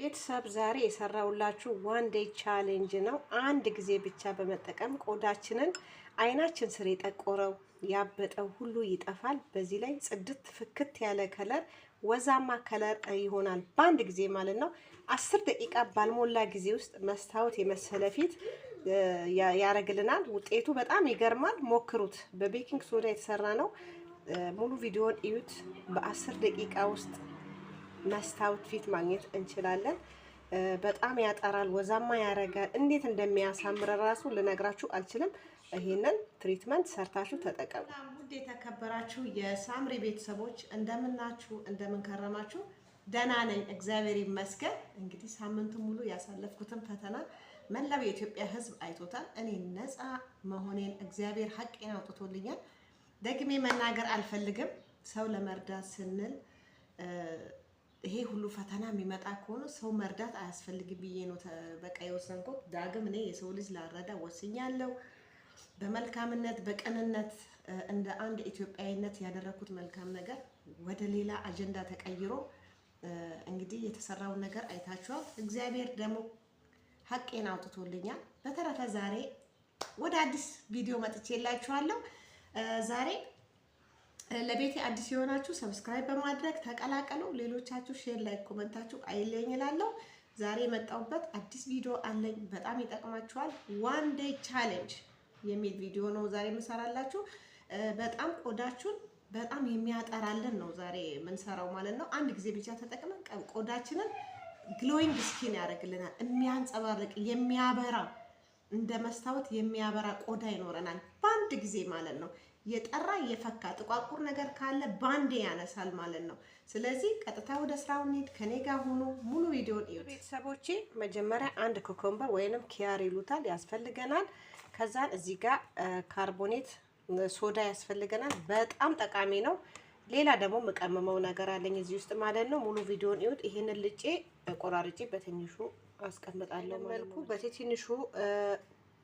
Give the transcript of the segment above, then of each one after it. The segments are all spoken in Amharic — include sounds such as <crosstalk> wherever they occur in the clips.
ቤተሰብ ዛሬ የሰራውላችሁ ዋን ዴይ ቻሌንጅ ነው። አንድ ጊዜ ብቻ በመጠቀም ቆዳችንን አይናችን ስር የጠቆረው ያበጠው ሁሉ ይጠፋል። በዚህ ላይ ጽድት ፍክት ያለ ከለር፣ ወዛማ ከለር ይሆናል በአንድ ጊዜ ማለት ነው። አስር ደቂቃ ባልሞላ ጊዜ ውስጥ መስታወት የመሰለ ፊት ያደርግልናል። ውጤቱ በጣም ይገርማል። ሞክሩት። በቤኪንግ ሶዳ የተሰራ ነው። ሙሉ ቪዲዮን እዩት። በአስር ደቂቃ ውስጥ መስታወት ፊት ማግኘት እንችላለን። በጣም ያጠራል፣ ወዛማ ያረጋል። እንዴት እንደሚያሳምር ራሱ ልነግራችሁ አልችልም። ይሄንን ትሪትመንት ሰርታችሁ ተጠቀሙ። ውድ የተከበራችሁ የሳምሪ ቤተሰቦች እንደምናችሁ፣ እንደምንከረማችሁ። ደህና ነኝ እግዚአብሔር ይመስገን። እንግዲህ ሳምንቱ ሙሉ ያሳለፍኩትን ፈተና መላው የኢትዮጵያ ሕዝብ አይቶታል። እኔ ነፃ መሆኔን እግዚአብሔር ሀቄን አውጥቶልኛል። ደግሜ መናገር አልፈልግም። ሰው ለመርዳት ስንል ይሄ ሁሉ ፈተና የሚመጣ ከሆነ ሰው መርዳት አያስፈልግም ብዬ ነው በቃ የወሰንኩት። ዳግም እኔ የሰው ልጅ ላረዳ ወስኛለሁ። በመልካምነት በቅንነት እንደ አንድ ኢትዮጵያዊነት ያደረኩት መልካም ነገር ወደ ሌላ አጀንዳ ተቀይሮ እንግዲህ የተሰራውን ነገር አይታችኋል። እግዚአብሔር ደግሞ ሀቄን አውጥቶልኛል። በተረፈ ዛሬ ወደ አዲስ ቪዲዮ መጥቼ ላችኋለሁ። ። ዛሬ ለቤት አዲስ የሆናችሁ ሰብስክራይብ በማድረግ ተቀላቀሉ። ሌሎቻችሁ ሼር፣ ላይክ፣ ኮመንታችሁ አይለኝ እላለሁ። ዛሬ የመጣሁበት አዲስ ቪዲዮ አለኝ። በጣም ይጠቅማችኋል። ዋን ዴይ ቻሌንጅ የሚል ቪዲዮ ነው ዛሬ የምሰራላችሁ። በጣም ቆዳችሁን በጣም የሚያጠራልን ነው ዛሬ የምንሰራው ማለት ነው። አንድ ጊዜ ብቻ ተጠቅመን ቆዳችንን ግሎይንግ ስኪን ያደርግልናል። የሚያንጸባርቅ የሚያበራ እንደ መስታወት የሚያበራ ቆዳ ይኖረናል በአንድ ጊዜ ማለት ነው። የጠራ የፈካ ጥቋቁር ነገር ካለ ባንዴ ያነሳል ማለት ነው። ስለዚህ ቀጥታ ወደ ስራው እንሂድ። ከኔ ጋር ሆኖ ሙሉ ቪዲዮን እዩ ቤተሰቦቼ። መጀመሪያ አንድ ኮኮምበር ወይንም ኪያር ይሉታል ያስፈልገናል። ከዛን እዚህ ጋር ካርቦኔት ሶዳ ያስፈልገናል። በጣም ጠቃሚ ነው። ሌላ ደግሞ የምቀመመው ነገር አለኝ እዚህ ውስጥ ማለት ነው። ሙሉ ቪዲዮን እዩት። ይሄንን ልጬ ቆራርጬ በትንሹ አስቀምጣለሁ መልኩ በትንሹ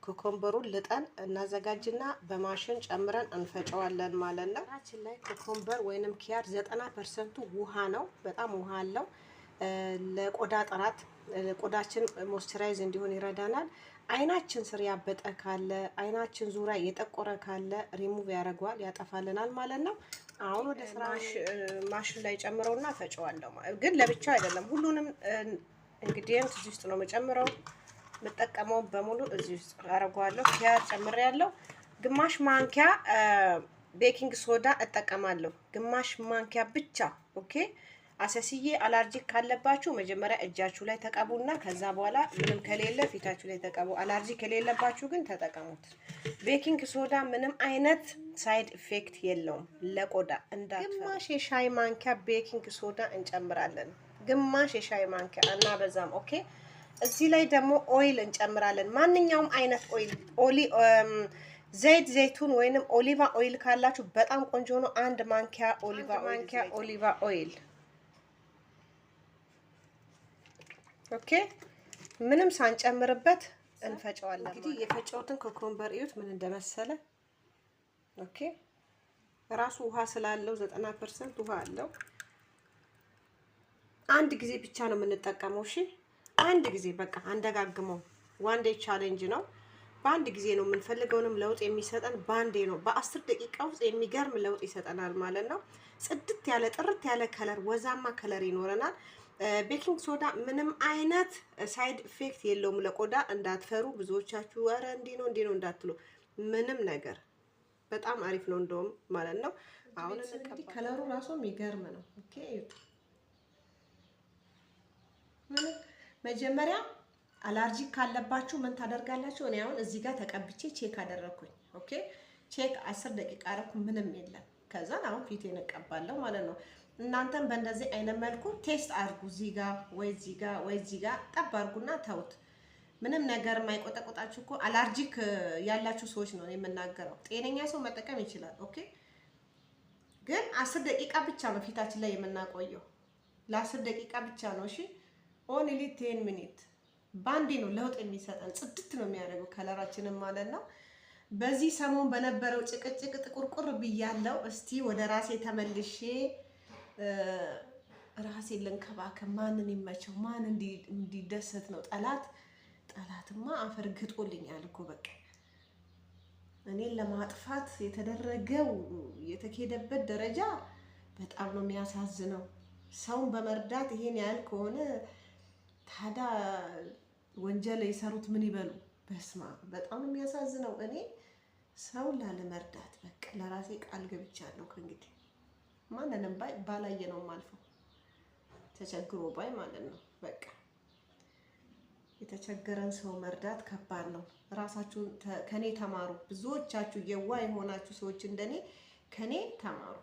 ኮኮምበሩን ልጠን እናዘጋጅና በማሽን ጨምረን እንፈጨዋለን ማለት ነው። ራችን ላይ ኮኮምበር ወይንም ኪያር ዘጠና ፐርሰንቱ ውሃ ነው። በጣም ውሃ አለው። ለቆዳ ጥራት ቆዳችን ሞስቸራይዝ እንዲሆን ይረዳናል። አይናችን ስር ያበጠ ካለ፣ አይናችን ዙሪያ የጠቆረ ካለ ሪሙቭ ያደርገዋል፣ ያጠፋልናል ማለት ነው። አሁን ወደ ስራ ማሽን ላይ ጨምረውና ፈጨዋለሁ። ግን ለብቻ አይደለም፣ ሁሉንም ኢንግሪዲየንት እዚህ ውስጥ ነው መጨምረው የምጠቀመውን በሙሉ እዚህ ውስጥ አደርገዋለሁ። ኪያር ጨምሬያለሁ። ግማሽ ማንኪያ ቤኪንግ ሶዳ እጠቀማለሁ። ግማሽ ማንኪያ ብቻ። ኦኬ አሰስዬ አላርጂክ ካለባችሁ መጀመሪያ እጃችሁ ላይ ተቀቡና ከዛ በኋላ ምንም ከሌለ ፊታችሁ ላይ ተቀቡ። አላርጂ ከሌለባችሁ ግን ተጠቀሙት። ቤኪንግ ሶዳ ምንም አይነት ሳይድ ኢፌክት የለውም ለቆዳ እንዳ ግማሽ የሻይ ማንኪያ ቤኪንግ ሶዳ እንጨምራለን። ግማሽ የሻይ ማንኪያ እና በዛም ኦኬ እዚህ ላይ ደግሞ ኦይል እንጨምራለን። ማንኛውም አይነት ኦይል ኦሊ ዘይት ዘይቱን ወይንም ኦሊቫ ኦይል ካላችሁ በጣም ቆንጆ ነው። አንድ ማንኪያ ኦሊቫ ማንኪያ ኦሊቫ ኦይል ኦኬ። ምንም ሳንጨምርበት እንፈጨዋለን። እንግዲህ የፈጨውትን ኮኮምበር እዩት ምን እንደመሰለ ኦኬ። ራሱ ውሃ ስላለው ዘጠና ፐርሰንት ውሃ አለው። አንድ ጊዜ ብቻ ነው የምንጠቀመው። እሺ አንድ ጊዜ በቃ አንደጋግመው። ዋንዴ ቻሌንጅ ነው። በአንድ ጊዜ ነው የምንፈልገውንም ለውጥ የሚሰጠን በአንዴ ነው። በአስር ደቂቃ ውስጥ የሚገርም ለውጥ ይሰጠናል ማለት ነው። ጽድት ያለ ጥርት ያለ ከለር፣ ወዛማ ከለር ይኖረናል። ቤኪንግ ሶዳ ምንም አይነት ሳይድ ኢፌክት የለውም ለቆዳ እንዳትፈሩ። ብዙዎቻችሁ ኧረ እንዲህ ነው እንዲህ ነው እንዳትሉ፣ ምንም ነገር በጣም አሪፍ ነው እንደውም ማለት ነው። አሁን ከለሩ ራሱ የሚገርም ነው። ኦኬ መጀመሪያ አላርጂክ ካለባችሁ ምን ታደርጋላችሁ? እኔ አሁን እዚህ ጋር ተቀብቼ ቼክ አደረኩኝ ኦኬ ቼክ አስር ደቂቃ አረኩ፣ ምንም የለም። ከዛን አሁን ፊቴን እቀባለሁ ማለት ነው። እናንተም በእንደዚህ አይነት መልኩ ቴስት አድርጉ። እዚህ ጋር ወይ እዚህ ጋር ወይ እዚህ ጋር ጠብ አድርጉና ተውት። ምንም ነገር የማይቆጠቆጣችሁ እኮ አላርጂክ ያላችሁ ሰዎች ነው የምናገረው። ጤነኛ ሰው መጠቀም ይችላል። ኦኬ ግን አስር ደቂቃ ብቻ ነው ፊታችን ላይ የምናቆየው፣ ለአስር ደቂቃ ብቻ ነው። እሺ ኦንሊ ቴን ሚኒት ባንዴ ነው ለውጥ የሚሰጠን፣ ጽድት ነው የሚያደርገው ከለራችንም ማለት ነው። በዚህ ሰሞን በነበረው ጭቅጭቅ ጥቁርቁር ብያለው። እስቲ ወደ ራሴ ተመልሼ ራሴን ልንከባከብ። ማንን ይመቸው? ማን እንዲደሰት ነው? ጠላት ጠላትማ አፈር ግጦልኛል እኮ በቃ እኔን ለማጥፋት የተደረገው የተኬደበት ደረጃ በጣም ነው የሚያሳዝነው። ሰውን በመርዳት ይሄን ያህል ከሆነ ታዲያ ወንጀል የሰሩት ምን ይበሉ? በስማ በጣም የሚያሳዝነው። እኔ ሰው ላለመርዳት በቃ ለራሴ ቃል ገብቻለሁ። ከእንግዲህ ማንንም ባይ ባላየ ነው ማልፈው ተቸግሮ ባይ ማለት ነው። በቃ የተቸገረን ሰው መርዳት ከባድ ነው። ራሳችሁ ከኔ ተማሩ። ብዙዎቻችሁ የዋ የሆናችሁ ሰዎች እንደኔ ከኔ ተማሩ።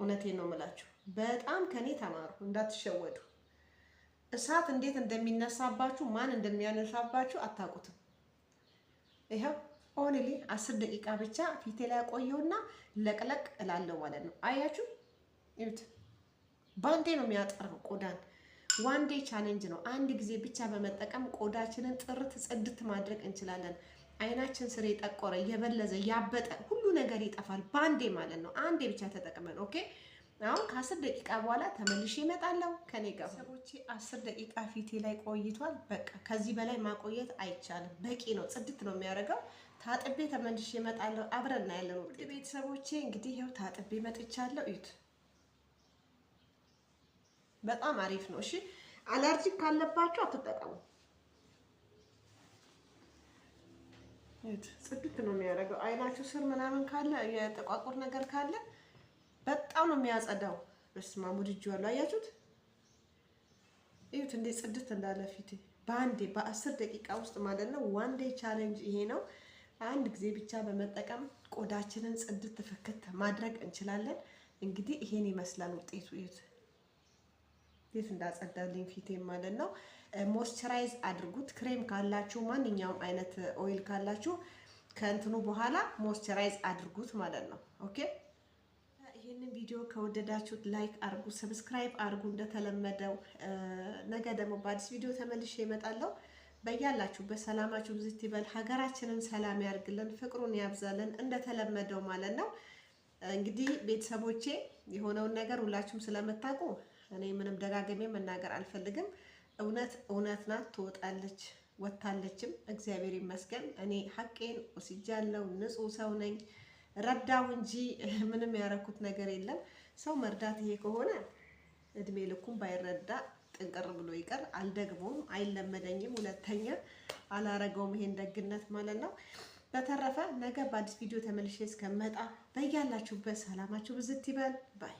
እውነቴን ነው የምላችሁ። በጣም ከኔ ተማሩ፣ እንዳትሸወዱ። እሳት እንዴት እንደሚነሳባችሁ ማን እንደሚያነሳባችሁ አታውቁትም። ይኸው ኦንሊ አስር ደቂቃ ብቻ ፊቴ ላይ ቆየውና ለቅለቅ እላለሁ ማለት ነው። አያችሁ፣ ይሁት ባንዴ ነው የሚያጠረው ቆዳን። ዋንዴ ቻሌንጅ ነው። አንድ ጊዜ ብቻ በመጠቀም ቆዳችንን ጥርት ጽድት ማድረግ እንችላለን። አይናችን ስር የጠቆረ የበለዘ ያበጠ ሁሉ ነገር ይጠፋል። ባንዴ ማለት ነው። አንዴ ብቻ ተጠቅመን ኦኬ አሁን ከአስር ደቂቃ በኋላ ተመልሼ እመጣለሁ። ከኔ ጋር ሰቦቼ አስር ደቂቃ ፊቴ ላይ ቆይቷል። በቃ ከዚህ በላይ ማቆየት አይቻልም። በቂ ነው። ጽድት ነው የሚያደርገው። ታጥቤ ተመልሼ እመጣለሁ። አብረን እናያለን። ውድ ቤተሰቦቼ እንግዲህ ይኸው ታጥቤ መጥቻለሁ። እዩት። በጣም አሪፍ ነው። እሺ አለርጂክ ካለባችሁ አትጠቀሙ። ጽድት ነው የሚያደርገው። አይናችሁ ስር ምናምን ካለ የጠቋቁር ነገር ካለ በጣም ነው የሚያጸዳው። በስመ አብ ወድጄዋለሁ። አያችሁት? እዩት እንዴት ጽድት እንዳለ ፊቴ በአንዴ በአስር ደቂቃ ውስጥ ማለት ነው። ዋን ዴይ ቻሌንጅ ይሄ ነው። አንድ ጊዜ ብቻ በመጠቀም ቆዳችንን ጽድት ፍክት ማድረግ እንችላለን። እንግዲህ ይሄን ይመስላል ውጤቱ። እዩት እንዴት እንዳጸዳልኝ ፊቴ ማለት ነው። ሞይስቸራይዝ አድርጉት። ክሬም ካላችሁ፣ ማንኛውም አይነት ኦይል ካላችሁ ከእንትኑ በኋላ ሞይስቸራይዝ አድርጉት ማለት ነው። ኦኬ ይህንን ቪዲዮ ከወደዳችሁት ላይክ አርጉ፣ ሰብስክራይብ አርጉ። እንደተለመደው ነገ ደግሞ በአዲስ ቪዲዮ ተመልሼ እመጣለሁ። በያላችሁ በሰላማችሁ ብዙ ይበል። ሀገራችንን ሰላም ያርግልን፣ ፍቅሩን ያብዛልን። እንደተለመደው ማለት ነው። እንግዲህ ቤተሰቦቼ የሆነውን ነገር ሁላችሁም ስለምታውቁ እኔ ምንም ደጋግሜ መናገር አልፈልግም። እውነት እውነት ናት፣ ትወጣለች፣ ወጥታለችም። እግዚአብሔር ይመስገን። እኔ ሀቄን ወስጃለሁ። ንጹህ ሰው ነኝ። ረዳው እንጂ <laughs> ምንም ያረኩት ነገር የለም። ሰው መርዳት ይሄ ከሆነ እድሜ ልኩም ባይረዳ ጥንቅር ብሎ ይቀር። አልደግሞም፣ አይለመደኝም፣ ሁለተኛ አላረገውም ይሄን ደግነት ማለት ነው። በተረፈ ነገ በአዲስ ቪዲዮ ተመልሼ እስከመጣ በያላችሁበት ሰላማችሁ ብዝት ይበል ባይ